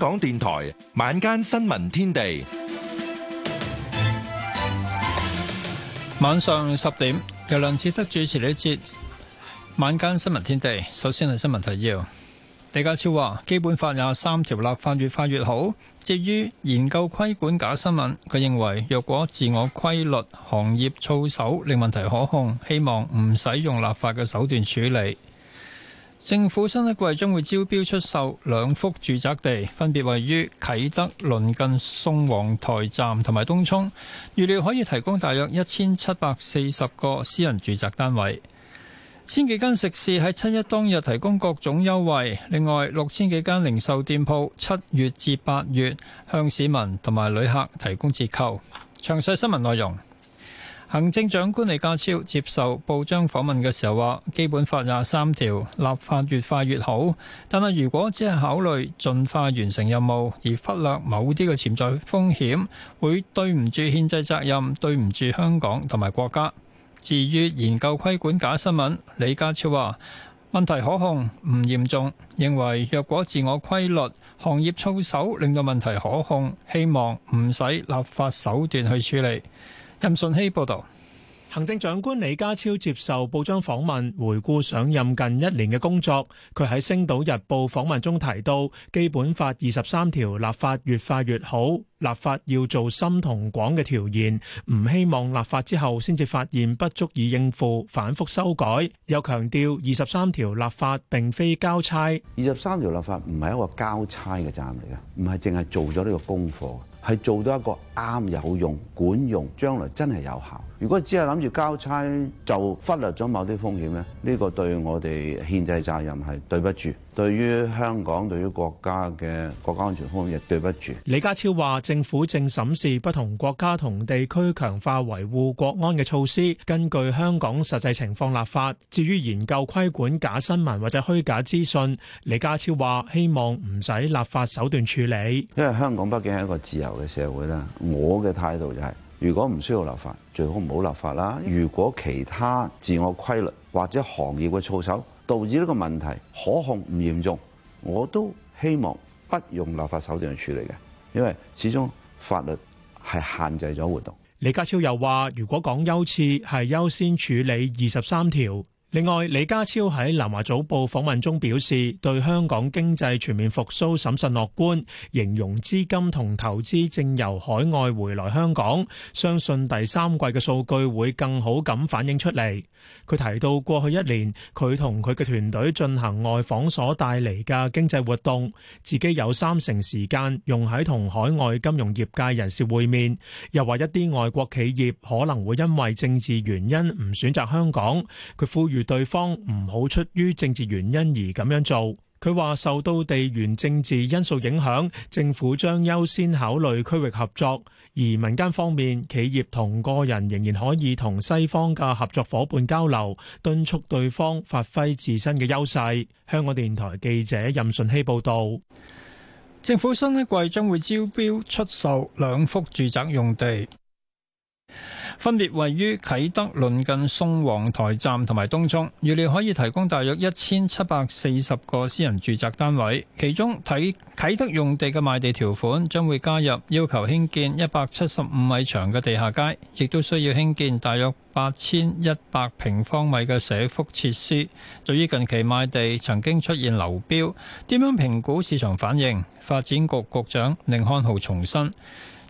香港電台晚間新聞天地，晚上十點由梁志德主持呢節晚間新聞天地。首先係新聞提要，李家超話《基本法》廿三條立法越快越好。至於研究規管假新聞，佢認為若果自我規律、行業操守令問題可控，希望唔使用，用立法嘅手段處理。政府新一季將會招標出售兩幅住宅地，分別位於啟德鄰近宋皇台站同埋東涌，預料可以提供大約一千七百四十個私人住宅單位。千幾間食肆喺七一當日提供各種優惠，另外六千幾間零售店鋪七月至八月向市民同埋旅客提供折扣。詳細新聞內容。行政長官李家超接受報章訪問嘅時候話：基本法廿三條立法越快越好，但係如果只係考慮盡快完成任務而忽略某啲嘅潛在風險，會對唔住憲制責任，對唔住香港同埋國家。至於研究規管假新聞，李家超話問題可控唔嚴重，認為若果自我規律、行業操守令到問題可控，希望唔使立法手段去處理。任信希報道。行政長官李家超接受報章訪問，回顧上任近一年嘅工作。佢喺星島日報訪問中提到,基本法二十三條立法越快越好,立法要做深同廣嘅調研。唔希望立法之後先至發現不足以應付,反覆修改。又強調二十三條立法並非交差。二十三條立法唔係一個交差嘅站嚟嘅,唔係淨係做咗呢個功課。係做到一個啱有用、管用，將來真係有效。如果只係諗住交差，就忽略咗某啲風險咧，呢個對我哋憲制責任係對不住，對於香港、對於國家嘅國家安全風險亦對不住。李家超話：政府正審視不同國家同地區強化維護國安嘅措施，根據香港實際情況立法。至於研究規管假新聞或者虛假資訊，李家超話：希望唔使立法手段處理。因為香港畢竟係一個自由嘅社會啦，我嘅態度就係。如果唔需要立法，最好唔好立法啦。如果其他自我規律或者行業嘅措手導致呢個問題可控唔嚴重，我都希望不用立法手段去處理嘅，因為始終法律係限制咗活動。李家超又話，如果講優次，係優先處理二十三條。另外，李家超喺南華早報訪問中表示，對香港經濟全面復甦審慎樂觀，形容資金同投資正由海外回來香港，相信第三季嘅數據會更好咁反映出嚟。佢提到過去一年佢同佢嘅團隊進行外訪所帶嚟嘅經濟活動，自己有三成時間用喺同海外金融業界人士會面。又話一啲外國企業可能會因為政治原因唔選擇香港。佢呼籲。對方唔好出於政治原因而咁樣做。佢話受到地緣政治因素影響，政府將優先考慮區域合作。而民間方面，企業同個人仍然可以同西方嘅合作伙伴交流，敦促對方發揮自身嘅優勢。香港電台記者任順希報道。政府新一季將會招標出售兩幅住宅用地。分別位於啟德鄰近松皇台站同埋東涌，預料可以提供大約一千七百四十個私人住宅單位。其中，啟啟德用地嘅賣地條款將會加入要求興建一百七十五米長嘅地下街，亦都需要興建大約八千一百平方米嘅社福設施。對於近期賣地曾經出現流標，點樣評估市場反應？發展局局長寧漢豪重申。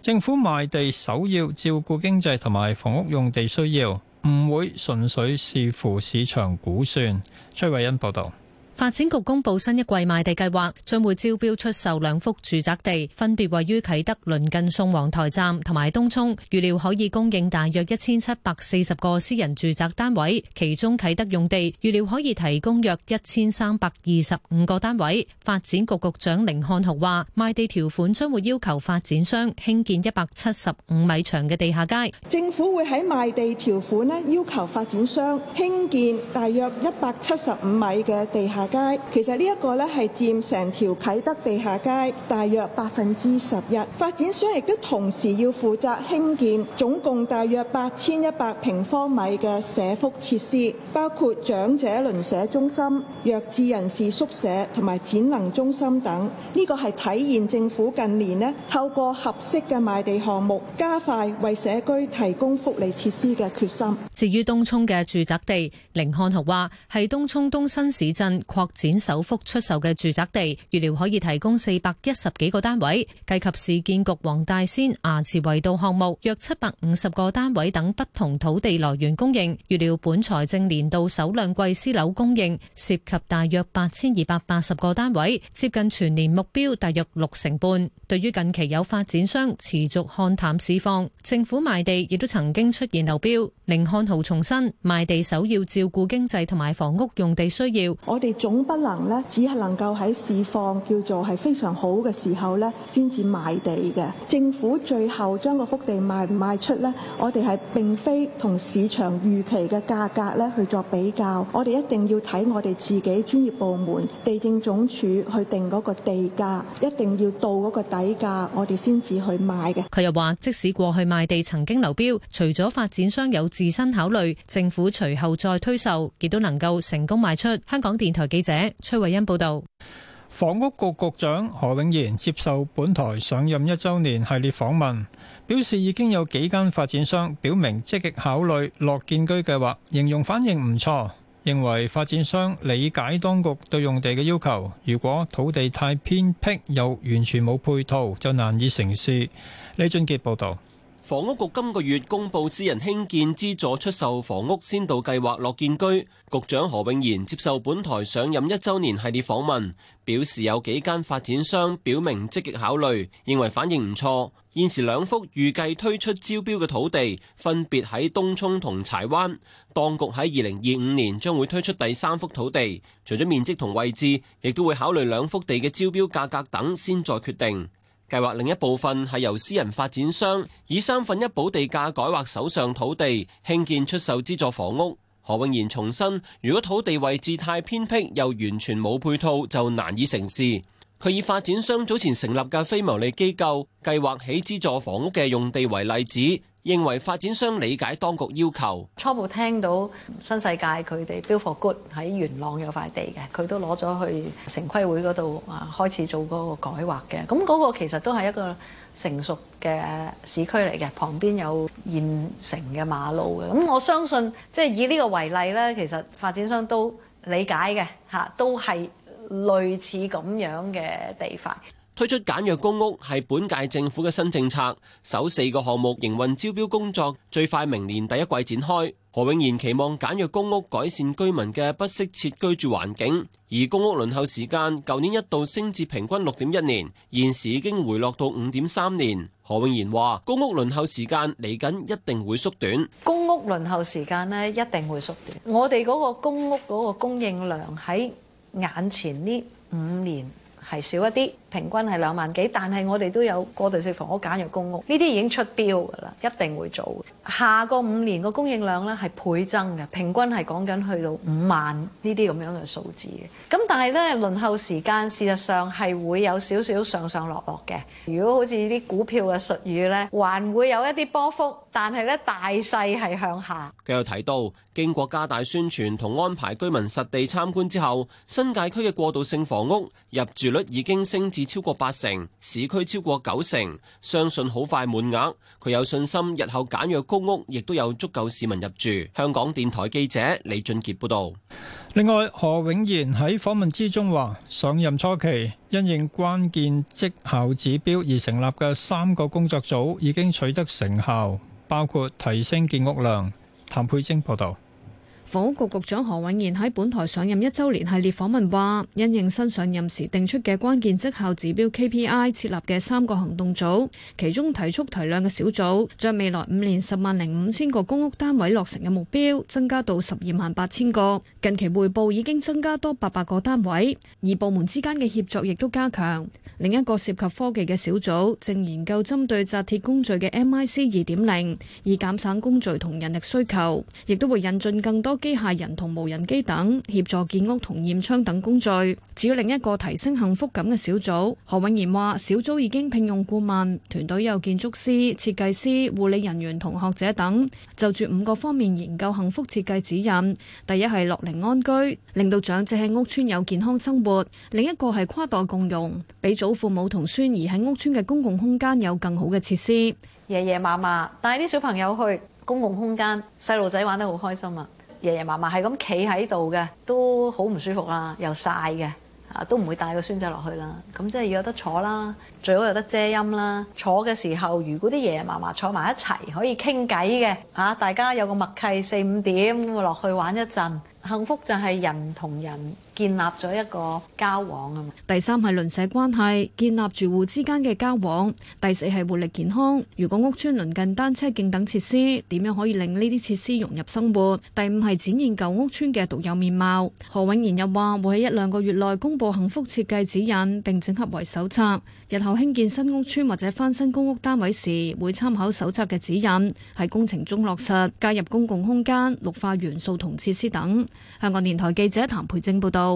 政府賣地首要照顧經濟同埋房屋用地需要，唔會純粹視乎市場估算。崔慧欣報導。發展局公佈新一季賣地計劃，將會招標出售兩幅住宅地，分別位於啟德鄰近宋皇台站同埋東涌，預料可以供應大約一千七百四十個私人住宅單位，其中啟德用地預料可以提供約一千三百二十五個單位。發展局局長凌漢豪話，賣地條款將會要求發展商興建一百七十五米長嘅地下街。政府會喺賣地條款呢要求發展商興建大約一百七十五米嘅地下街其實呢一個呢係佔成條啟德地下街大約百分之十一。發展商亦都同時要負責興建總共大約八千一百平方米嘅社福設施，包括長者鄰舍中心、弱智人士宿舍同埋展能中心等。呢個係體現政府近年咧透過合適嘅賣地項目，加快為社區提供福利設施嘅決心。至於東涌嘅住宅地，甯漢豪話係東涌東新市鎮。擴展首幅出售嘅住宅地，預料可以提供四百一十幾個單位，計及市建局黃大仙衙前圍道項目約七百五十個單位等不同土地來源供應。預料本財政年度首兩季私樓供應涉及大約八千二百八十個單位，接近全年目標大約六成半。對於近期有發展商持續看淡市況，政府賣地亦都曾經出現流標，寧漢豪重申，賣地首要照顧經濟同埋房屋用地需要。我哋。總不能呢只係能夠喺市況叫做係非常好嘅時候咧，先至賣地嘅。政府最後將個幅地賣唔賣出咧，我哋係並非同市場預期嘅價格咧去作比較，我哋一定要睇我哋自己專業部門地政總署去定嗰個地價，一定要到嗰個底價，我哋先至去賣嘅。佢又話：即使過去賣地曾經流標，除咗發展商有自身考慮，政府隨後再推售，亦都能夠成功賣出。香港電台。記者崔慧欣報道，房屋局局長何永賢接受本台上任一周年系列訪問，表示已經有幾間發展商表明積極考慮樂建居計劃，形容反應唔錯，認為發展商理解當局對用地嘅要求，如果土地太偏僻又完全冇配套，就難以成事。李俊傑報道。房屋局今個月公布私人興建資助出售房屋先導計劃落建居，局長何永賢接受本台上任一周年系列訪問，表示有幾間發展商表明積極考慮，認為反應唔錯。現時兩幅預計推出招標嘅土地，分別喺東涌同柴灣，當局喺二零二五年將會推出第三幅土地，除咗面積同位置，亦都會考慮兩幅地嘅招標價格等先再決定。計劃另一部分係由私人發展商以三分一補地價改劃手上土地，興建出售資助房屋。何永賢重申，如果土地位置太偏僻，又完全冇配套，就難以成事。佢以發展商早前成立嘅非牟利機構計劃起資助房屋嘅用地為例子。認為發展商理解當局要求。初步聽到新世界佢哋 Build for Good 喺元朗有塊地嘅，佢都攞咗去城規會嗰度啊，開始做嗰個改劃嘅。咁、那、嗰個其實都係一個成熟嘅市區嚟嘅，旁邊有現成嘅馬路嘅。咁我相信即係以呢個為例咧，其實發展商都理解嘅吓，都係類似咁樣嘅地塊。推出簡約公屋係本屆政府嘅新政策，首四個項目營運招標工作最快明年第一季展開。何永賢期望簡約公屋改善居民嘅不適切居住環境，而公屋輪候時間舊年一度升至平均六點一年，現時已經回落到五點三年。何永賢話：公屋輪候時間嚟緊一定會縮短，公屋輪候時間呢一定會縮短。我哋嗰個公屋嗰個供應量喺眼前呢五年係少一啲，平均係兩萬幾，但係我哋都有過渡性房屋簡約公屋，呢啲已經出標㗎啦，一定會做。下個五年個供應量呢係倍增嘅，平均係講緊去到五萬這這呢啲咁樣嘅數字嘅。咁但係呢輪候時間事實上係會有少少上上落落嘅。如果好似啲股票嘅術語呢，還會有一啲波幅，但係呢大勢係向下。佢又提到，經過加大宣傳同安排居民實地參觀之後，新界區嘅過渡性房屋入住率已經升至，超過八成市區，超過九成，相信好快滿額。佢有信心日後簡約公屋亦都有足夠市民入住。香港電台記者李俊杰報道。另外，何永賢喺訪問之中話，上任初期因應關鍵績效指標而成立嘅三個工作組已經取得成效，包括提升建屋量。譚佩貞報道。房屋局局長何永賢喺本台上任一周年系列訪問話，因應新上任時定出嘅關鍵績效指標 KPI 設立嘅三個行動組，其中提速提量嘅小組，將未來五年十萬零五千個公屋單位落成嘅目標增加到十二萬八千個，近期匯報已經增加多八百個單位，而部門之間嘅協作亦都加強。另一個涉及科技嘅小組正研究針對紮鐵工序嘅 MIC 二點零，以減省工序同人力需求，亦都會引進更多機械人同無人機等協助建屋同驗窗等工序。至於另一個提升幸福感嘅小組，何永賢話：小組已經聘用顧問，團隊有建築師、設計師、護理人員同學者等，就住五個方面研究幸福設計指引。第一係樂齡安居，令到長者喺屋村有健康生活；另一個係跨代共融，俾祖父母同孫兒喺屋村嘅公共空間有更好嘅設施。爺爺嫲嫲帶啲小朋友去公共空間，細路仔玩得好開心啊！爺爺嫲嫲係咁企喺度嘅，都好唔舒服啦，又曬嘅，啊都唔會帶個孫仔落去啦。咁、啊、即係要有得坐啦，最好有得遮陰啦。坐嘅時候，如果啲爺爺嫲嫲坐埋一齊，可以傾偈嘅，嚇、啊、大家有個默契四五點會落去玩一陣，幸福就係人同人。建立咗一個交往啊嘛。第三係鄰舍關係，建立住戶之間嘅交往。第四係活力健康。如果屋邨鄰近單車徑等設施，點樣可以令呢啲設施融入生活？第五係展現舊屋邨嘅獨有面貌。何永賢又話會喺一兩個月內公布幸福設計指引，並整合為手冊。日後興建新屋邨或者翻新公屋單位時，會參考手冊嘅指引，喺工程中落實加入公共空間、綠化元素同設施等。香港電台記者譚培正報道。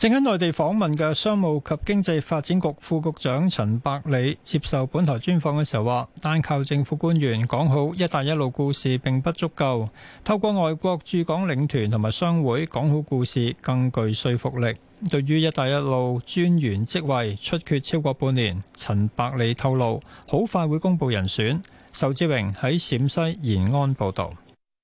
正喺內地訪問嘅商務及經濟發展局副局長陳百里接受本台專訪嘅時候話，單靠政府官員講好“一帶一路”故事並不足夠，透過外國駐港領團同埋商會講好故事更具說服力。對於“一帶一路”專員職位出缺超過半年，陳百里透露好快會公布人選。仇志榮喺陝西延安報道。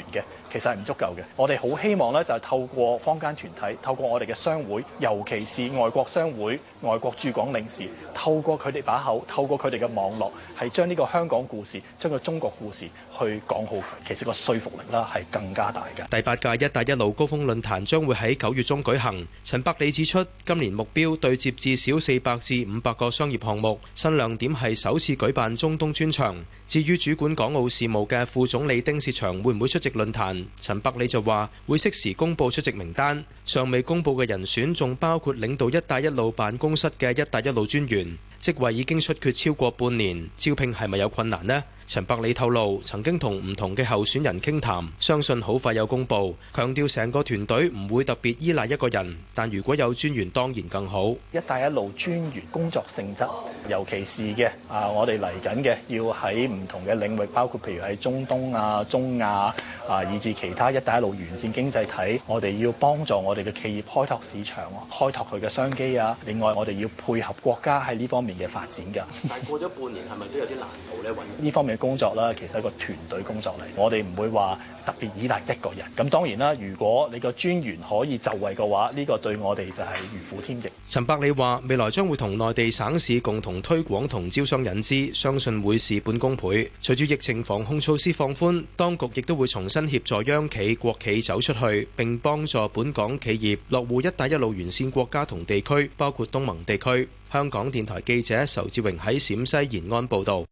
完嘅。其實係唔足夠嘅，我哋好希望呢，就係透過坊間團體，透過我哋嘅商會，尤其是外國商會、外國駐港領事，透過佢哋把口，透過佢哋嘅網絡，係將呢個香港故事、將個中國故事去講好佢，其實個說服力啦係更加大嘅。第八屆一帶一路高峰論壇將會喺九月中舉行。陳百里指出，今年目標對接至少四百至五百個商業項目，新亮點係首次舉辦中東專場。至於主管港澳事務嘅副總理丁薛祥會唔會出席論壇？陳百里就話會適時公布出席名單，尚未公布嘅人選仲包括領導一帶一路辦公室嘅一帶一路專員，職位已經出缺超過半年，招聘係咪有困難呢？陳百里透露曾經同唔同嘅候選人傾談，談，相信好快有公佈。強調成個團隊唔會特別依賴一個人，但如果有專員當然更好。一帶一路專員工作性質，尤其是嘅啊，我哋嚟緊嘅要喺唔同嘅領域，包括譬如喺中東啊、中亞啊，以至其他一帶一路完善經濟體，我哋要幫助我哋嘅企業開拓市場，開拓佢嘅商機啊。另外，我哋要配合國家喺呢方面嘅發展㗎。但過咗半年係咪 都有啲難度呢？呢方面工作啦，其實係一個團隊工作嚟，我哋唔會話特別依賴一個人。咁當然啦，如果你個專員可以就位嘅話，呢、這個對我哋就係如虎添翼。陳百里話未來將會同內地省市共同推廣同招商引資，相信會事半功倍。隨住疫情防控措施放寬，當局亦都會重新協助央企、國企走出去，並幫助本港企業落戶一帶一路沿線國家同地區，包括東盟地區，香港電台記者仇志榮喺陝西延安報道。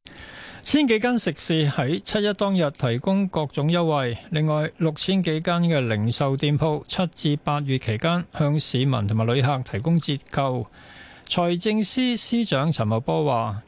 千幾間食肆，喺七一當日提供各種優惠，另外六千幾間嘅零售店鋪七至八月期間向市民同埋旅客提供折扣。財政司司長陳茂波話：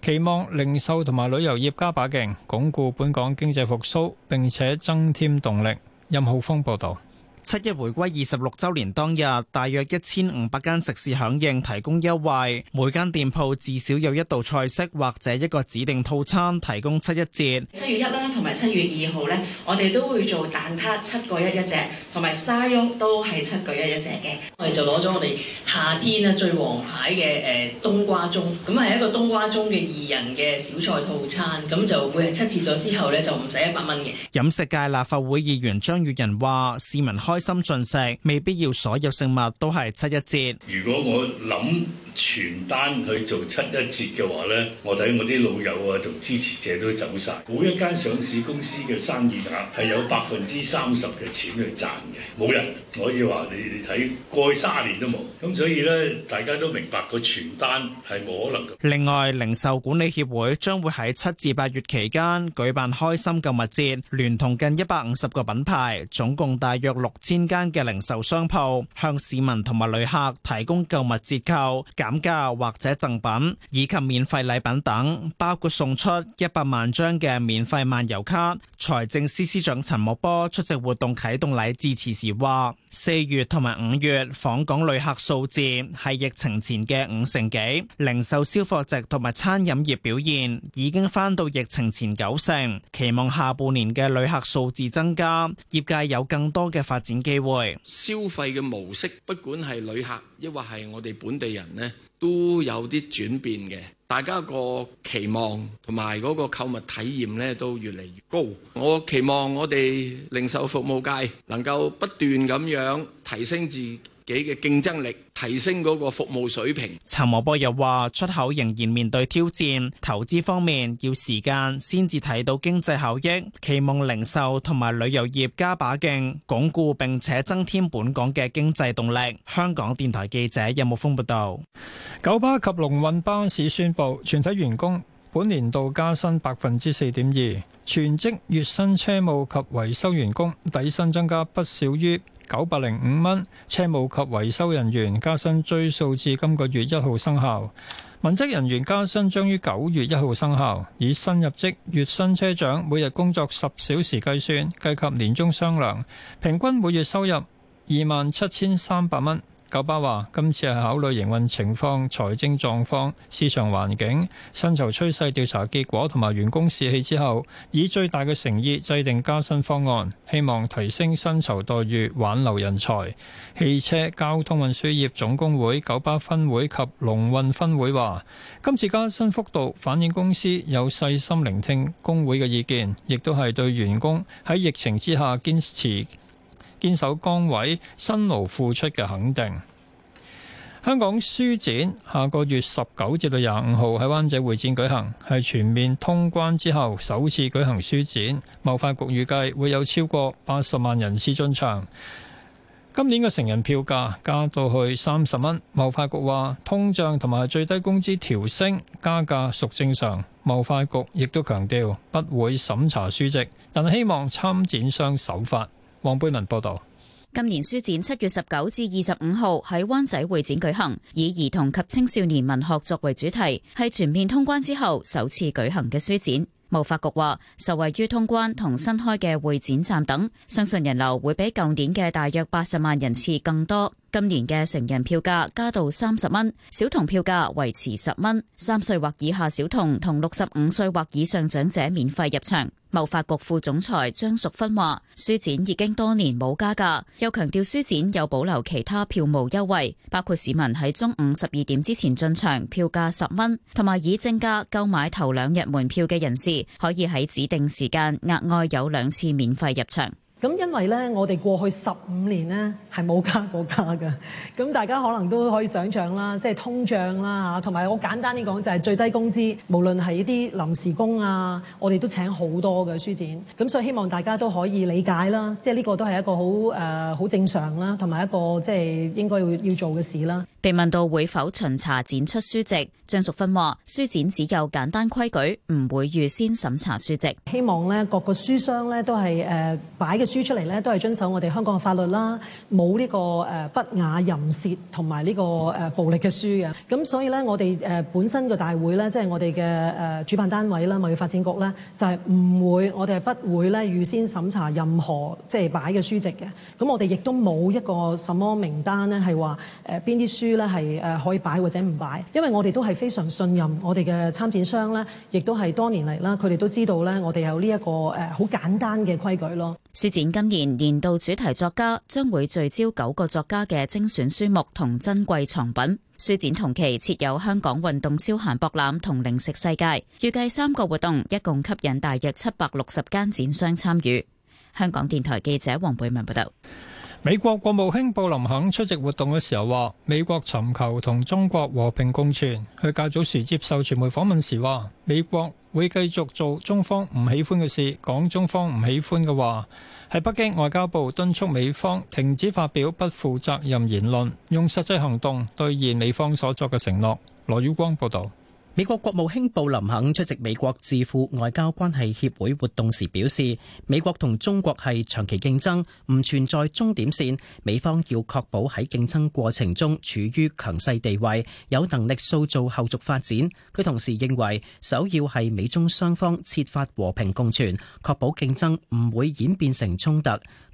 期望零售同埋旅遊業加把勁，鞏固本港經濟復蘇，並且增添動力。任浩峰報道。七一回歸二十六周年當日，大約一千五百間食肆響應提供優惠，每間店鋪至少有一道菜式或者一個指定套餐提供七一折。七月一啦，同埋七月二號呢，我哋都會做蛋撻七個一一隻，同埋沙翁都係七個一一隻嘅。我哋就攞咗我哋夏天啊最王牌嘅，誒冬瓜盅，咁係一個冬瓜盅嘅二人嘅小菜套餐，咁就會係七折咗之後呢，就唔使一百蚊嘅。飲食界立法會議員張宇人話：市民開心進食，未必要所有食物都係七一折。如果我諗全單去做七一折嘅話呢，我睇我啲老友啊同支持者都走晒。每一間上市公司嘅生意額係有百分之三十嘅錢去賺嘅，冇人可以話你，你睇過去三年都冇。咁所以呢，大家都明白個全單係冇可能。另外，零售管理協會將會喺七至八月期間舉辦開心購物節，聯同近一百五十個品牌，總共大約六。千間嘅零售商鋪向市民同埋旅客提供購物折扣、減價或者贈品，以及免費禮品等，包括送出一百萬張嘅免費漫遊卡。財政司司長陳茂波出席活動啟動禮致辭時話：四月同埋五月訪港旅客數字係疫情前嘅五成幾，零售、消貨值同埋餐飲業表現已經翻到疫情前九成。期望下半年嘅旅客數字增加，業界有更多嘅發展。機消費嘅模式，不管係旅客亦或係我哋本地人呢都有啲轉變嘅。大家個期望同埋嗰個購物體驗呢都越嚟越高。我期望我哋零售服務界能夠不斷咁樣提升自己。己嘅競爭力，提升嗰個服務水平。陳茂波又話：出口仍然面對挑戰，投資方面要時間先至睇到經濟效益。期望零售同埋旅遊業加把勁，鞏固並且增添本港嘅經濟動力。香港電台記者任木風報導。九巴及龍運巴士宣布，全體員工本年度加薪百分之四點二，全職月薪車務及維修員工底薪增加不少於九百零五蚊，車務及維修人員加薪追溯至今個月一號生效；文職人員加薪將於九月一號生效，以新入職月薪車長每日工作十小時計算，計及年終商量，平均每月收入二萬七千三百蚊。九巴話：今次係考慮營運情況、財政狀況、市場環境、薪酬趨勢調查結果同埋員工士氣之後，以最大嘅誠意制定加薪方案，希望提升薪酬待遇，挽留人才。汽車交通運輸業總工會九巴分會及龍運分會話：今次加薪幅度反映公司有細心聆聽工會嘅意見，亦都係對員工喺疫情之下堅持堅守崗位、辛勞付出嘅肯定。香港書展下個月十九至到廿五號喺灣仔會展舉行，係全面通關之後首次舉行書展。貿發局預計會有超過八十萬人次進場。今年嘅成人票價加到去三十蚊。貿發局話通脹同埋最低工資調升加價屬正常。貿發局亦都強調不會審查書籍，但希望參展商守法。黃貝文報道。今年書展七月十九至二十五號喺灣仔會展舉行，以兒童及青少年文學作為主題，係全面通關之後首次舉行嘅書展。貿發局話，受惠於通關同新開嘅會展站等，相信人流會比舊年嘅大約八十萬人次更多。今年嘅成人票價加到三十蚊，小童票價維持十蚊，三歲或以下小童同六十五歲或以上長者免費入場。貿發局副總裁張淑芬話，書展已經多年冇加價，又強調書展有保留其他票務優惠，包括市民喺中午十二點之前進場票價十蚊，同埋以正價購買頭兩日門票嘅人士，可以喺指定時間額外有兩次免費入場。咁因為咧，我哋過去十五年咧係冇加過價㗎，咁大家可能都可以想象啦，即係通脹啦，同埋我簡單啲講就係、是、最低工資，無論係啲臨時工啊，我哋都請好多嘅書展，咁、嗯、所以希望大家都可以理解啦，即係呢個都係一個好誒好正常啦，同埋一個即係應該要要做嘅事啦。被問到會否巡查展出書籍，張淑芬話書展只有簡單規矩，唔會預先審查書籍。希望咧，各個書商咧都係誒擺嘅書出嚟咧，都係遵守我哋香港嘅法律啦，冇呢個誒不雅、淫褻同埋呢個誒暴力嘅書嘅。咁所以咧，我哋誒本身嘅大會咧，即係我哋嘅誒主辦單位啦，貿易發展局咧，就係唔會我哋係不會咧預先審查任何即係擺嘅書籍嘅。咁我哋亦都冇一個什麼名單咧，係話誒邊啲書。書係誒可以擺或者唔擺，因為我哋都係非常信任我哋嘅參展商咧，亦都係多年嚟啦，佢哋都知道咧，我哋有呢一個誒好簡單嘅規矩咯。書展今年年度主題作家將會聚焦九個作家嘅精選書目同珍貴藏品。書展同期設有香港運動消閒博覽同零食世界，預計三個活動一共吸引大約七百六十間展商參與。香港電台記者黃貝文報道。美國國務卿布林肯出席活動嘅時候話，美國尋求同中國和平共存。佢較早時接受傳媒訪問時話，美國會繼續做中方唔喜歡嘅事，講中方唔喜歡嘅話。喺北京外交部敦促美方停止發表不負責任言論，用實際行動兌現美方所作嘅承諾。羅宇光報道。美國國務卿布林肯出席美國智庫外交關係協會活動時表示，美國同中國係長期競爭，唔存在終點線。美方要確保喺競爭過程中處於強勢地位，有能力塑造後續發展。佢同時認為，首要係美中雙方設法和平共存，確保競爭唔會演變成衝突。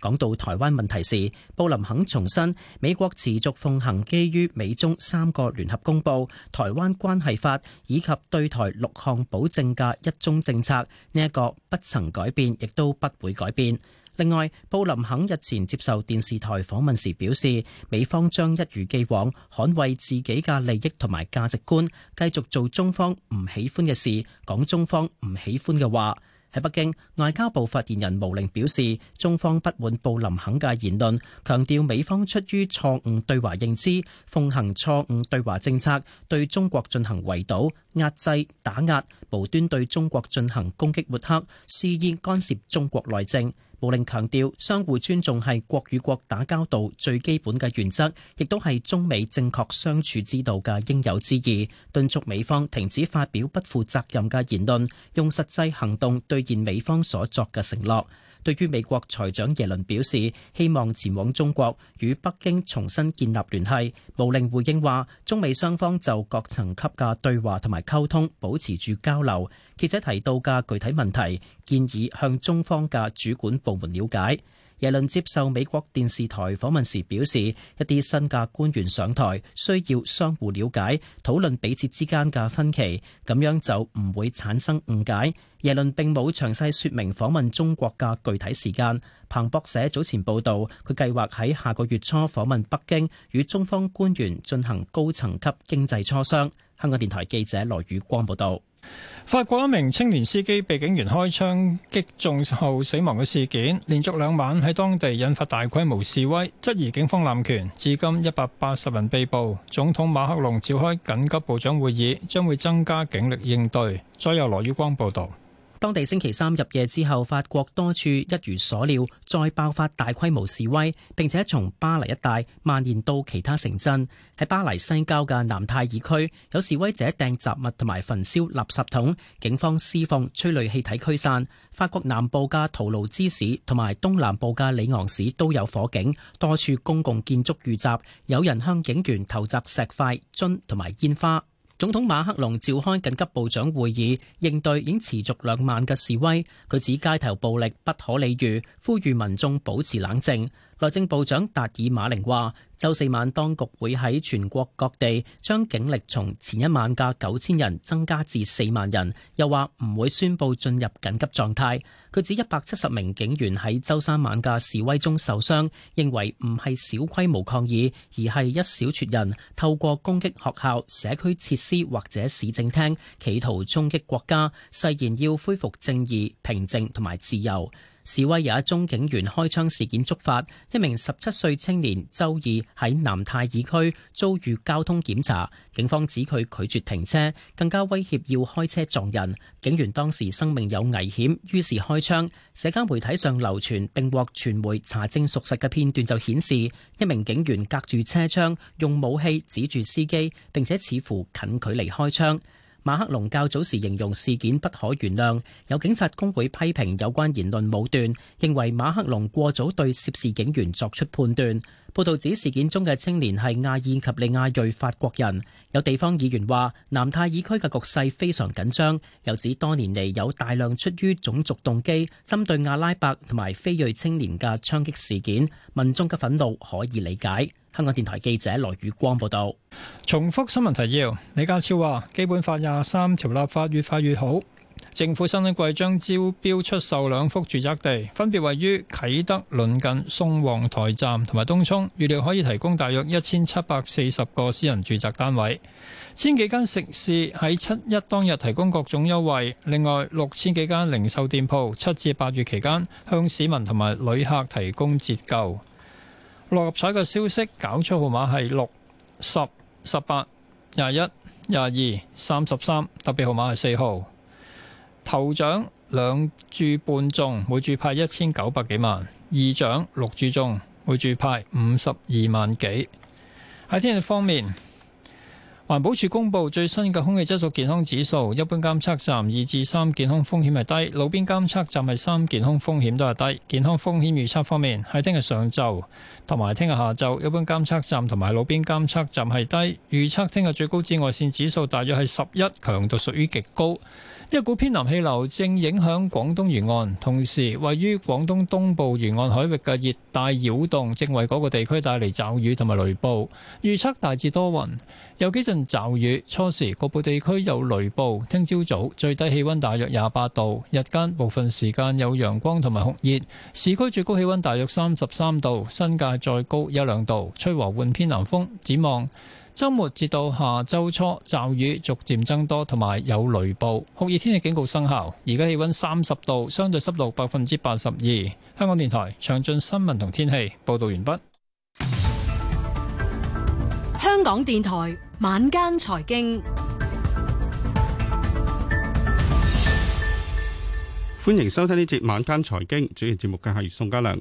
講到台灣問題時，布林肯重申美國持續奉行基於美中三個聯合公報、台灣關係法以及對台六項保證嘅一中政策，呢一個不曾改變，亦都不會改變。另外，布林肯日前接受電視台訪問時表示，美方將一如既往捍衛自己嘅利益同埋價值觀，繼續做中方唔喜歡嘅事，講中方唔喜歡嘅話。喺北京，外交部發言人毛寧表示，中方不滿布林肯嘅言論，強調美方出於錯誤對華認知，奉行錯誤對華政策，對中國進行圍堵、壓制、打壓，無端對中國進行攻擊抹黑，肆意干涉中國內政。毛寧強調，相互尊重係國與國打交道最基本嘅原則，亦都係中美正確相處之道嘅應有之義。敦促美方停止發表不負責任嘅言論，用實際行動兌現美方所作嘅承諾。對於美國財長耶倫表示希望前往中國與北京重新建立聯繫，毛寧回應話：中美雙方就各層級嘅對話同埋溝通保持住交流。記者提到嘅具體問題，建議向中方嘅主管部門了解。耶倫接受美國電視台訪問時表示，一啲新嘅官員上台需要相互了解，討論彼此之間嘅分歧，咁樣就唔會產生誤解。耶倫並冇詳細說明訪問中國嘅具體時間。彭博社早前報道，佢計劃喺下個月初訪問北京，與中方官員進行高層級經濟磋商。香港電台記者羅宇光報道。法國一名青年司機被警員開槍擊中後死亡嘅事件，連續兩晚喺當地引發大規模示威，質疑警方濫權。至今一百八十人被捕。總統馬克龍召開緊急部長會議，將會增加警力應對。再由羅宇光報道。當地星期三入夜之後，法國多處一如所料再爆發大規模示威，並且從巴黎一帶蔓延到其他城鎮。喺巴黎西郊嘅南泰爾區，有示威者掟雜物同埋焚燒垃圾桶，警方施放催淚氣體驅散。法國南部嘅圖盧茲市同埋東南部嘅里昂市都有火警，多處公共建築遇襲，有人向警員投擲石塊、樽同埋煙花。總統馬克龍召開緊急部長會議，應對已經持續兩晚嘅示威。佢指街頭暴力不可理喻，呼籲民眾保持冷靜。內政部長達爾馬寧話：周四晚當局會喺全國各地將警力從前一晚嘅九千人增加至四萬人，又話唔會宣布進入緊急狀態。佢指一百七十名警員喺周三晚嘅示威中受傷，認為唔係小規模抗議，而係一小撮人透過攻擊學校、社區設施或者市政廳，企圖衝擊國家，誓言要恢復正義、平靜同埋自由。示威有一宗警員開槍事件觸發，一名十七歲青年周二喺南泰爾區遭遇交通檢查，警方指佢拒絕停車，更加威脅要開車撞人，警員當時生命有危險，於是開槍。社交媒體上流傳並獲傳媒查證屬實嘅片段就顯示，一名警員隔住車窗用武器指住司機，並且似乎近距離開槍。馬克龍較早時形容事件不可原諒，有警察工會批評有關言論武斷，認為馬克龍過早對涉事警員作出判斷。報道指事件中嘅青年係亞爾及利亞裔法國人。有地方議員話：南泰爾區嘅局勢非常緊張，又指多年嚟有大量出於種族動機針對阿拉伯同埋非裔青年嘅槍擊事件，民眾嘅憤怒可以理解。香港電台記者羅宇光報導。重複新聞提要：李家超話《基本法》廿三條立法越快越好。政府新一季將招標出售兩幅住宅地，分別位於啟德鄰近宋王台站同埋東涌，預料可以提供大約一千七百四十個私人住宅單位。千幾間食肆喺七一當日提供各種優惠，另外六千幾間零售店鋪七至八月期間向市民同埋旅客提供折舊六合彩嘅消息，搞出號碼係六、十、十八、廿一、廿二、三十三，33, 特別號碼係四號。.頭獎兩注半中，每注派一千九百幾萬；二獎六注中，每注派五十二萬幾。喺天氣方面，環保署公布最新嘅空氣質素健康指數，一般監測站二至三，健康風險係低，路邊監測站係三，健康風險都係低。健康風險預測方面，喺聽日上晝同埋聽日下晝，一般監測站同埋路邊監測站係低。預測聽日最高紫外線指數大約係十一，強度屬於極高。一股偏南氣流正影響廣東沿岸，同時位於廣東東部沿岸海域嘅熱帶擾動正為嗰個地區帶嚟驟雨同埋雷暴。預測大致多雲，有幾陣驟雨。初時局部地區有雷暴。聽朝早，早最低氣温大約廿八度，日間部分時間有陽光同埋酷熱。市區最高氣温大約三十三度，新界再高一兩度。吹和緩偏南風，展望，周末至到下周初，驟雨逐漸增多，同埋有雷暴，酷熱天氣警告生效。而家氣溫三十度，相對濕度百分之八十二。香港電台詳盡新聞同天氣報道完畢。香港電台晚間財經，歡迎收聽呢節晚間財經，主持節目嘅係宋家良。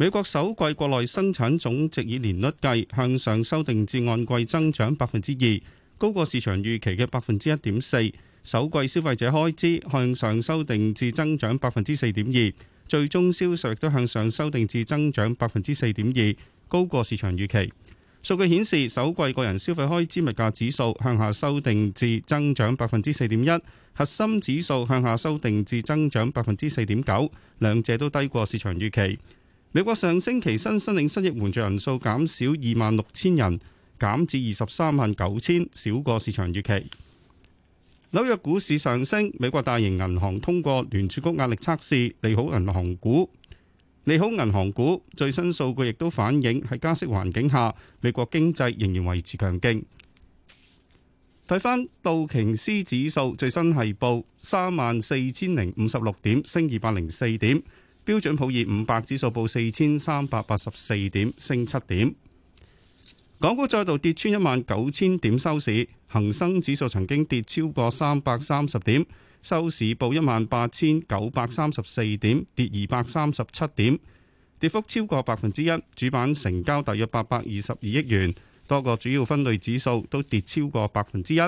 美國首季國內生產總值以年率計向上修訂至按季增長百分之二，高過市場預期嘅百分之一點四。首季消費者開支向上修訂至增長百分之四點二，最終銷售亦都向上修訂至增長百分之四點二，高過市場預期。數據顯示，首季個人消費開支物價指數向下修訂至增長百分之四點一，核心指數向下修訂至增長百分之四點九，兩者都低過市場預期。美國上星期新申領失業援助人數減少二萬六千人，減至二十三萬九千，少過市場預期。紐約股市上升，美國大型銀行通過聯儲局壓力測試，利好銀行股。利好銀行股，最新數據亦都反映喺加息環境下，美國經濟仍然維持強勁。睇返道瓊斯指數最新係報三萬四千零五十六點，升二百零四點。標準普爾五百指數報四千三百八十四點，升七點。港股再度跌穿一萬九千點收市，恒生指數曾經跌超過三百三十點，收市報一萬八千九百三十四點，跌二百三十七點，跌幅超過百分之一。主板成交大約八百二十二億元，多個主要分類指數都跌超過百分之一。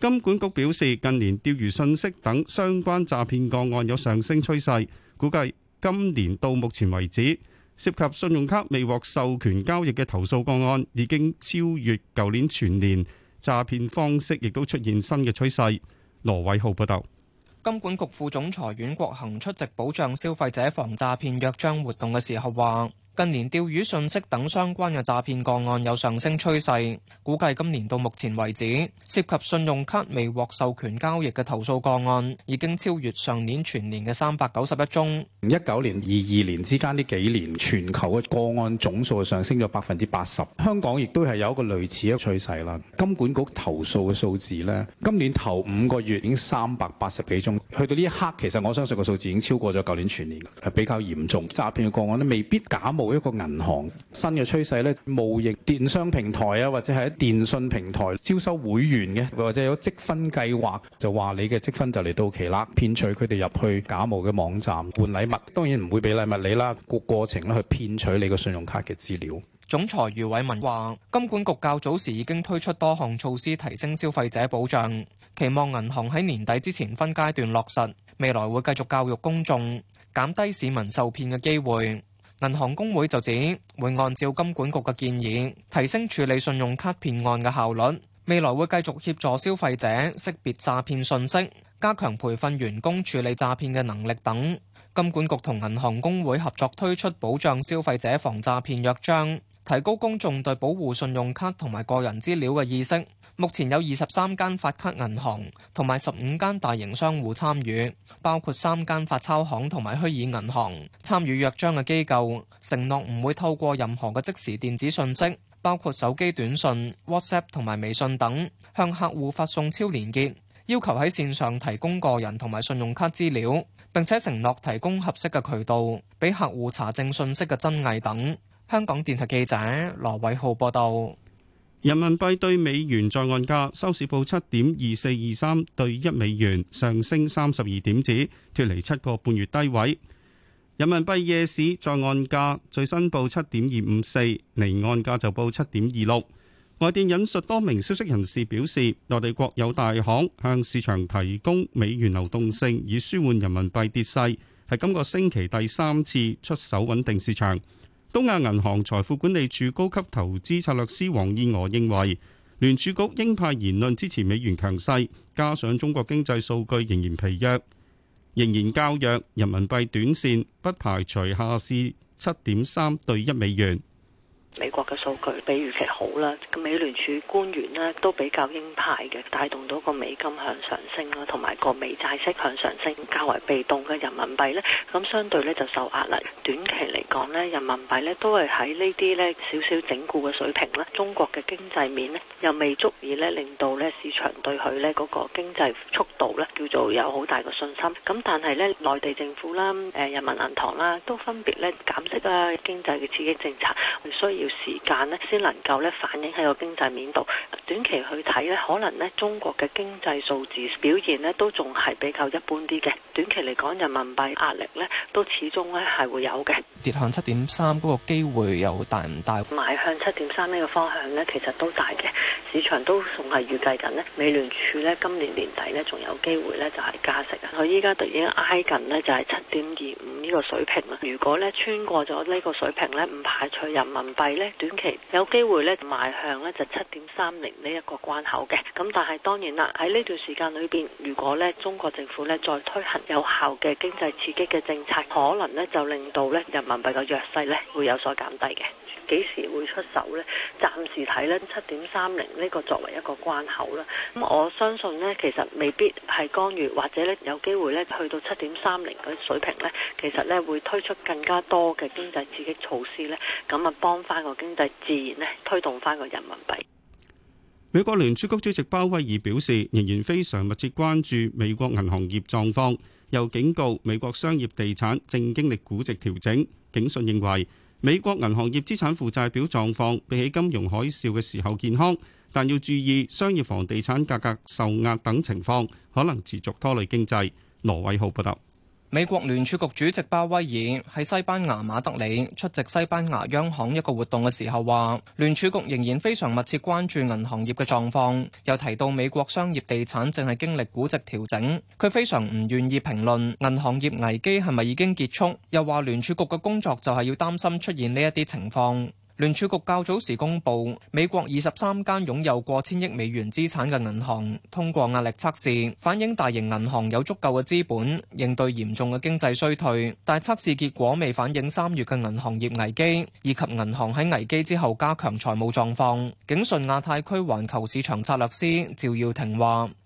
金管局表示，近年釣魚信息等相關詐騙個案有上升趨勢，估計今年到目前為止涉及信用卡未獲授權交易嘅投訴個案已經超越舊年全年。詐騙方式亦都出現新嘅趨勢，羅偉浩報道。金管局副總裁阮國恒出席保障消費者防詐騙約章活動嘅時候話。近年釣魚信息等相關嘅詐騙個案有上升趨勢，估計今年到目前為止，涉及信用卡未獲授權交易嘅投訴個案已經超越上年全年嘅三百九十一宗。一九年二二年之間呢幾年，全球嘅個案總數上升咗百分之八十，香港亦都係有一個類似嘅趨勢啦。金管局投訴嘅數字呢，今年頭五個月已經三百八十幾宗，去到呢一刻其實我相信個數字已經超過咗舊年全年，比較嚴重詐騙嘅個案咧，未必假冒。一個銀行新嘅趨勢咧，貿易電商平台啊，或者係喺電信平台招收會員嘅，或者有積分計劃，就話你嘅積分就嚟到期啦，騙取佢哋入去假冒嘅網站換禮物，當然唔會俾禮物你啦。個過程咧，去騙取你個信用卡嘅資料。總裁余偉文話，金管局較早時已經推出多項措施，提升消費者保障，期望銀行喺年底之前分階段落實，未來會繼續教育公眾，減低市民受騙嘅機會。銀行公會就指，會按照金管局嘅建議，提升處理信用卡騙案嘅效率。未來會繼續協助消費者識別詐騙信息，加強培訓員工處理詐騙嘅能力等。金管局同銀行公會合作推出保障消費者防詐騙約章，提高公眾對保護信用卡同埋個人資料嘅意識。目前有二十三間發卡銀行同埋十五間大型商戶參與，包括三間發鈔行同埋虛擬銀行。參與約章嘅機構，承諾唔會透過任何嘅即時電子訊息，包括手機短信、WhatsApp 同埋微信等，向客戶發送超連結，要求喺線上提供個人同埋信用卡資料，並且承諾提供合適嘅渠道俾客戶查證信息嘅真偽等。香港電台記者羅偉浩報道。人民幣對美元在岸價收市報七點二四二三對一美元，上升三十二點子脫離七個半月低位。人民幣夜市在岸價最新報七點二五四，離岸價就報七點二六。外電引述多名消息人士表示，內地國有大行向市場提供美元流動性，以舒緩人民幣跌勢，係今個星期第三次出手穩定市場。東亞銀行財富管理處高級投資策略師黃燕娥認為，聯儲局鷹派言論支持美元強勢，加上中國經濟數據仍然疲弱，仍然較弱，人民幣短線不排除下試七點三兌一美元。美國嘅數據比預期好啦，咁，美聯儲官員呢都比較鷹派嘅，帶動到個美金向上升啦，同埋個美債息向上升，較為被動嘅人民幣呢，咁相對呢就受壓啦。短期嚟講呢，人民幣呢都係喺呢啲呢少少整固嘅水平啦。中國嘅經濟面呢又未足以呢令到呢市場對佢呢嗰個經濟速度呢叫做有好大嘅信心。咁但係呢內地政府啦、誒人民銀行啦，都分別呢減息啊、經濟嘅刺激政策，所以。要時間咧，先能夠咧反映喺個經濟面度。短期去睇咧，可能咧中國嘅經濟數字表現咧都仲係比較一般啲嘅。短期嚟講，人民幣壓力咧都始終咧係會有嘅。跌向七點三嗰個機會又大唔大？邁向七點三呢個方向呢，其實都大嘅。市場都仲係預計緊呢美聯儲咧今年年底呢仲有機會呢就係加息。佢依家都已經挨近呢就係七點二五。呢個水平啦，如果咧穿過咗呢個水平咧，唔排除人民幣咧短期有機會咧，就邁向咧就七點三零呢一個關口嘅。咁但係當然啦，喺呢段時間裏邊，如果咧中國政府咧再推行有效嘅經濟刺激嘅政策，可能咧就令到咧人民幣嘅弱勢咧會有所減低嘅。幾時會出手呢？暫時睇呢，七點三零呢個作為一個關口啦。咁我相信呢，其實未必係干預，或者呢，有機會呢，去到七點三零嘅水平呢，其實呢，會推出更加多嘅經濟刺激措施呢。咁啊幫翻個經濟，自然呢，推動翻個人民幣。美國聯儲局主席鮑威爾表示，仍然非常密切關注美國銀行業狀況，又警告美國商業地產正經歷估值調整。警訊認為。美國銀行業資產負債表狀況比起金融海嘯嘅時候健康，但要注意商業房地產價格受壓等情況，可能持續拖累經濟。羅偉浩報道。美國聯儲局主席巴威爾喺西班牙馬德里出席西班牙央行一個活動嘅時候話，聯儲局仍然非常密切關注銀行業嘅狀況，又提到美國商業地產淨係經歷估值調整，佢非常唔願意評論銀行業危機係咪已經結束，又話聯儲局嘅工作就係要擔心出現呢一啲情況。聯儲局較早時公布，美國二十三間擁有過千億美元資產嘅銀行通過壓力測試，反映大型銀行有足夠嘅資本應對嚴重嘅經濟衰退，但係測試結果未反映三月嘅銀行業危機以及銀行喺危機之後加強財務狀況。景順亞太區環球市場策略師趙耀庭話。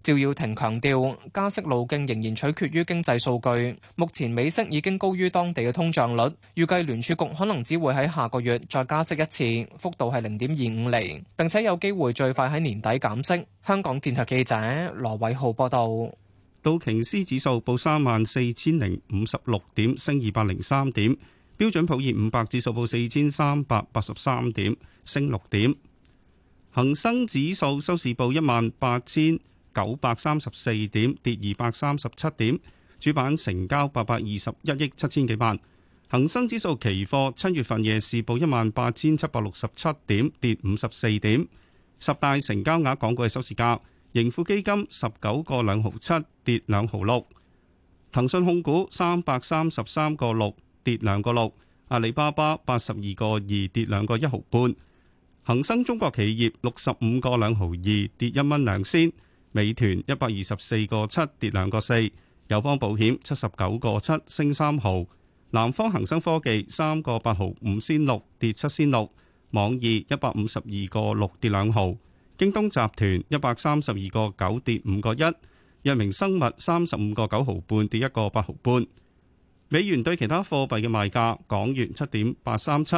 趙耀廷強調，加息路徑仍然取決於經濟數據。目前美息已經高於當地嘅通脹率，預計聯儲局可能只會喺下個月再加息一次，幅度係零點二五厘，並且有機會最快喺年底減息。香港電台記者羅偉浩報道。道瓊斯指數報三萬四千零五十六點，升二百零三點。標準普爾五百指數報四千三百八十三點，升六點。恒生指數收市報一萬八千九百三十四點，跌二百三十七點。主板成交八百二十一億七千幾萬。恒生指數期貨七月份夜市報一萬八千七百六十七點，跌五十四點。十大成交額港股嘅收市價，盈富基金十九個兩毫七，跌兩毫六。騰訊控股三百三十三個六，跌兩個六。阿里巴巴八十二個二，跌兩個一毫半。恒生中國企業六十五個兩毫二，跌一蚊兩仙。美團一百二十四個七，跌兩個四。友邦保險七十九個七，升三毫。南方恒生科技三個八毫五仙六，跌七仙六。網易一百五十二個六，跌兩毫。京東集團一百三十二個九，跌五個一。藥明生物三十五個九毫半，跌一個八毫半。美元對其他貨幣嘅賣價，港元七點八三七。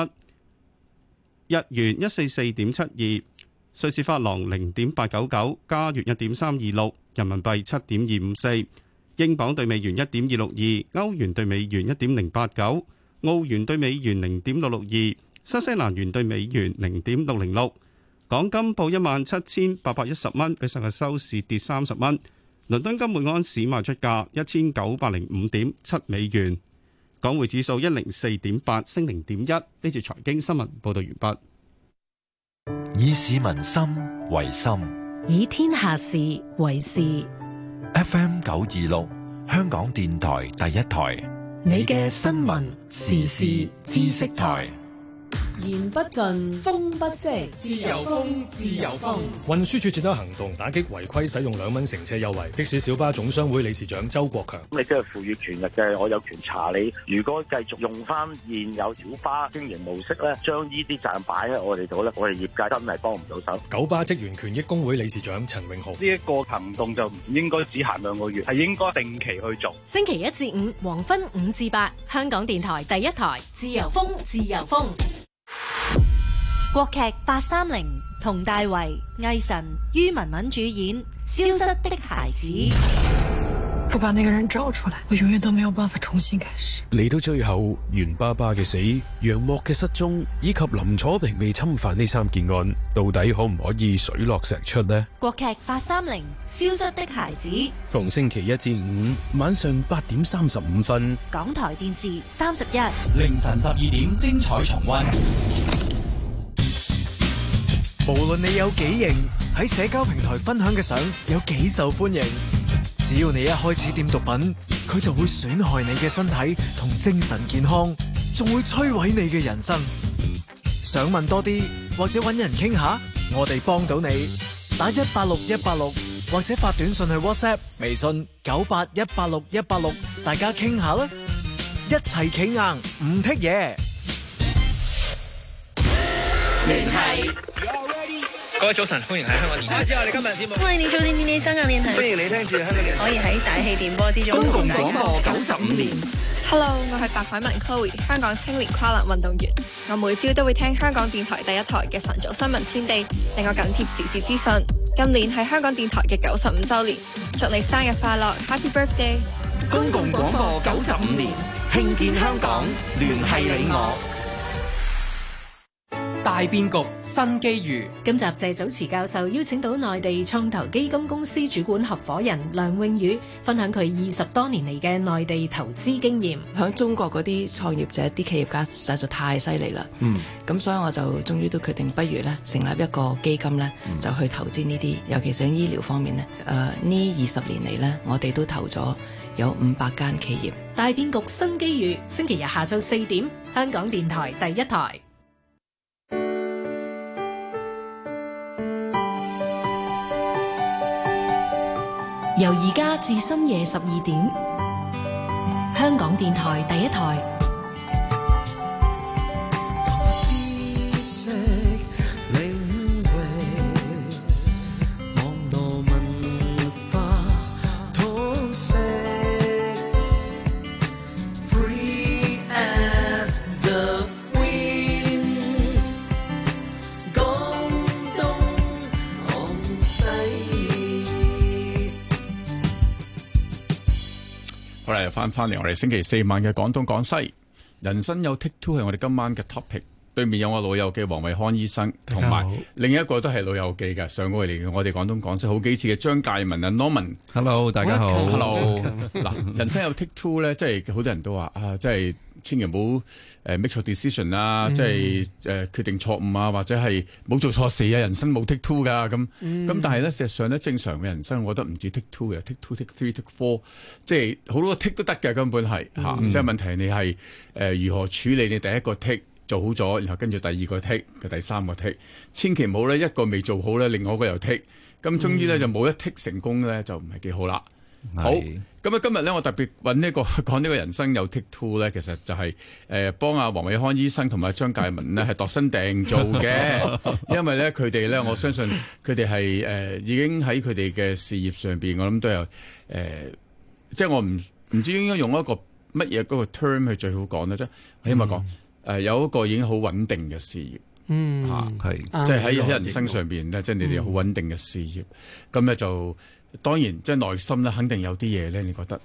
日元一四四點七二，瑞士法郎零點八九九，加元一點三二六，人民幣七點二五四，英鎊兌美元一點二六二，歐元兌美元一點零八九，澳元兌美元零點六六二，新西蘭元兌美元零點六零六，港金報一萬七千八百一十蚊，比上日收市跌三十蚊。倫敦金每安士賣出價一千九百零五點七美元。港匯指數一零四點八升零點一。呢次財經新聞報道完畢。以市民心為心，以天下事為事。F M 九二六香港電台第一台，你嘅新聞時事知識台。言不盡，風不息，自由風，自由風。運輸署展開行動，打擊違規使用兩蚊乘車優惠。的士小巴總商會理事長周國強，你都係賦予權力嘅，我有權查你。如果繼續用翻現有小巴經營模式咧，將呢啲責任擺喺我哋度咧，我哋業界真係幫唔到手。九巴職員權益工會理事長陳永豪，呢個行動就唔應該只限兩個月，係應該定期去做。星期一至五黃昏五至八，香港電台第一台，自由風，自由風。國劇八三零，佟大為、魏晨、于文文主演《消失的孩子》孩子。我把那個人找出來，我永遠都沒有辦法重新開始。嚟到最後，袁爸爸嘅死、楊墨嘅失蹤以及林楚平未侵犯呢三件案，到底可唔可以水落石出呢？國劇八三零《消失的孩子》，逢星期一至五晚上八點三十五分，港台電視三十一，凌晨十二點精彩重溫。無論你有幾型，喺社交平台分享嘅相，有幾受歡迎。.只要你一開始掂毒品，佢就會損害你嘅身體同精神健康，仲會摧毀你嘅人生。想問多啲或者搵人傾下，我哋幫到你。打一八六一八六或者發短信去 WhatsApp、微信九八一八六一八六，大家傾下啦，一齊企硬，唔剔嘢。聯繫。各位早晨，歡迎喺香港電台。歡迎、啊、你，你做你的的電台生啊，靚女！歡迎你聽住香港電台。可 以喺大氣電波之中。公共廣播九十五年。年 Hello，我係白海文 Chloe，香港青年跨欄運動員。 我每朝都會聽香港電台第一台嘅晨早新聞天地，令我緊貼時事資訊。今年係香港電台嘅九十五週年，祝你生日快樂，Happy Birthday！公共廣播九十五年， 年慶建香港，聯繫你我。 大變局，新機遇。今集謝祖慈教授邀請到內地創投基金公司主管合夥人梁穎宇，分享佢二十多年嚟嘅內地投資經驗。響中國嗰啲創業者、啲企業家實在太犀利啦。嗯，咁所以我就終於都決定，不如咧成立一個基金咧，嗯、就去投資呢啲，尤其響醫療方面咧。誒、呃，呢二十年嚟咧，我哋都投咗有五百間企業。大變局，新機遇。星期日下晝四點，香港電台第一台。由而家至深夜十二點，香港電台第一台。Alright, 我哋又翻翻嚟，我哋星期四晚嘅廣東廣西，人生有 take two 係我哋今晚嘅 topic。對面有我老友嘅黃偉康醫生，同埋另一個都係老友記嘅上過嚟，我哋廣東廣西好幾次嘅張介文啊，Norman，hello，大家好，hello。嗱，人生有 take two 咧，即係好多人都話啊，即係。千祈唔好誒 make 錯 decision 啊、嗯，即係誒、呃、決定錯誤啊，或者係冇做錯事啊，人生冇 take two 噶咁咁，嗯、但係咧，事實上咧，正常嘅人生，我覺得唔止 take two 嘅 take two、take three、take four，即係好多個 take 都得嘅根本係嚇、嗯啊。即係問題係你係誒、呃、如何處理你第一個 take 做好咗，然後跟住第二個 take 嘅第三個 take 千祈唔好咧一個未做好咧，另外一個又 take 咁終於咧就冇一 tick 成功咧，就唔係幾好啦。嗯是好咁啊！今日咧，我特別揾呢個講呢個人生有 take two 咧，其實就係誒幫阿黃偉康醫生同埋張介文咧係度身訂做嘅， 因為咧佢哋咧，呢 我相信佢哋係誒已經喺佢哋嘅事業上邊，我諗都有誒、呃，即係我唔唔知應該用一個乜嘢嗰個 term 去最好講咧啫。起碼講誒有一個已經好穩定嘅事業，嗯吓係，即係喺人生上邊咧，即係、嗯、你哋好穩定嘅事業，咁咧就。當然，即係內心咧，肯定有啲嘢咧，你覺得？